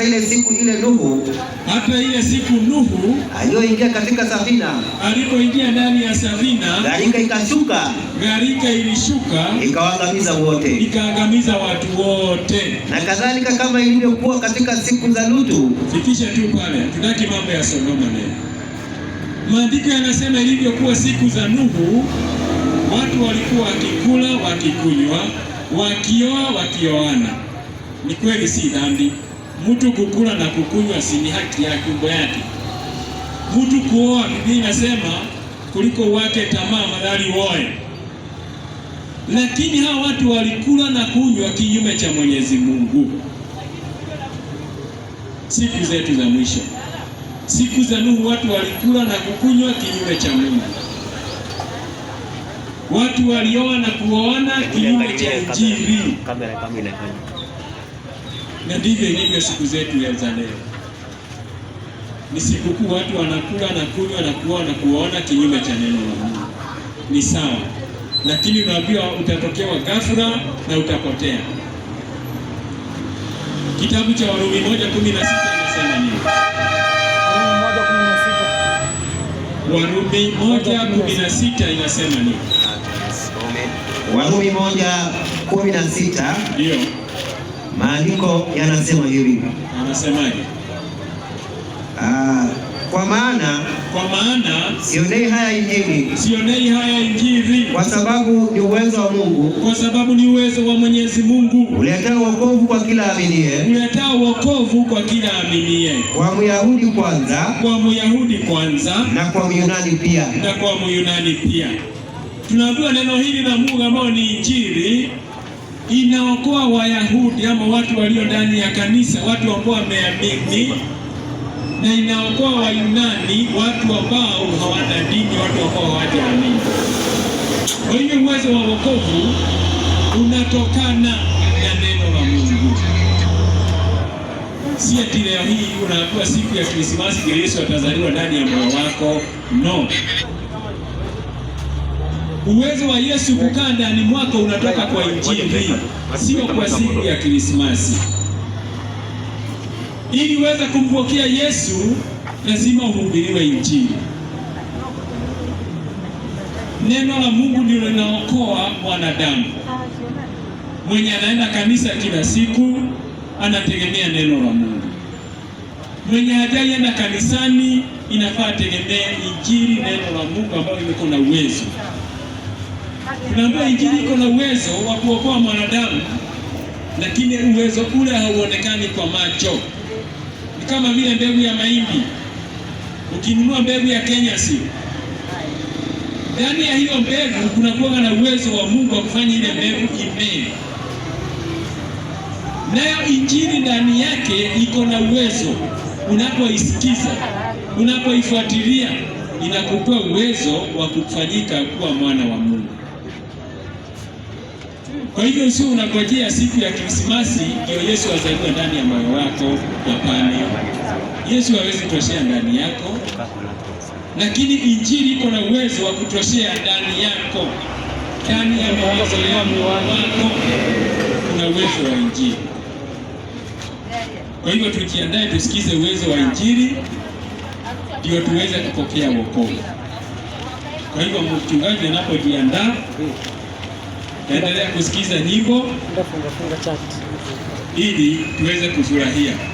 hata ile siku ile Nuhu, hata ile siku Nuhu aliyoingia katika safina, alipoingia ndani ya safina, gharika ikashuka, gharika ilishuka ikawaangamiza wote, ikaangamiza watu wote. Na kadhalika kama ilivyokuwa katika siku za Lutu. Fikisha tu pale, tunaki mambo ya Sodoma leo. Maandiko yanasema ilivyokuwa siku za Nuhu, watu walikuwa wakikula, wakikunywa, wakioa, wakioana. Ni kweli si dhambi? Mtu kukula na kukunywa si ni haki ya kiumbe yake. Mtu kuoa, Biblia inasema kuliko wake tamaa madhari woe. Lakini hawa watu walikula na kunywa kinyume cha Mwenyezi Mungu. Siku zetu za mwisho, siku za Nuhu, watu walikula na kukunywa kinyume cha Mungu. Watu walioa na kuoana kinyume cha Injili na ndivyo ilivyo siku zetu ya za leo. Ni sikukuu, watu wanakula na kunywa na kuoa na kuona kinyume cha neno la Mungu. Ni sawa, lakini unaambiwa utatokewa ghafla na utapotea. Kitabu cha Warumi 1:16 inasema nini? Warumi 1:16 inasema nini? Warumi 1:16 ndio Maandiko yanasema hivi, anasemaje? Ah, kwa maana kwa maana sionei haya injili, sionei haya injili, kwa sababu ni uwezo wa Mungu, kwa sababu ni uwezo wa Mwenyezi Mungu uletao wokovu kwa kila aminiye, uletao wokovu kwa kila aminiye, kwa Myahudi kwanza, kwa Myahudi kwanza, na kwa Myunani pia, na kwa Myunani pia. Tunaambiwa neno hili la Mungu ambao ni injili inaokoa Wayahudi ama watu walio ndani ya kanisa, watu ambao wameamini, na inaokoa Wayunani, watu ambao hawana dini, watu ambao hawajaamini. Kwa hiyo uwezo wa wokovu unatokana na neno la Mungu, si ati leo hii unaambiwa siku ya Krismasi Yesu atazaliwa ndani ya moyo wako, no. Uwezo wa Yesu kukaa ndani mwako unatoka kwa Injili, sio kwa siku ya Krismasi. Ili uweze kumpokea Yesu lazima uhubiriwe Injili. Neno la Mungu ndilo linaokoa mwanadamu. Mwenye anaenda kanisa kila siku anategemea neno la Mungu. Mwenye hajaienda kanisani inafaa tegemee Injili, neno la Mungu ambayo liko na uwezo Tunaambiwa injili iko na uwezo wa kuokoa mwanadamu, lakini uwezo ule hauonekani kwa macho. Ni kama vile mbegu ya mahindi, ukinunua mbegu ya Kenya, si ndani ya hiyo mbegu kuwa na uwezo wa Mungu wa kufanya ile mbegu imee. Nayo injili ndani yake iko na uwezo, unapoisikiza, unapoifuatilia, inakupa uwezo wa kufanyika kuwa mwana wa Mungu. Kwa hivyo usio unangojea siku ya Krismasi ndio Yesu azaliwe ndani ya moyo wako. Hapana, Yesu hawezi kutoshea ndani yako, lakini injili iko na uwezo wa kutoshea ndani yako, ndani ya mawazo moyo wako kuna uwezo wa injili. Kwa hivyo tujiandae, tusikize uwezo wa injili ndio tuweze kupokea wokovu. Kwa hivyo mchungaji anapojiandaa Endelea kusikiza nyimbo ili tuweze kufurahia.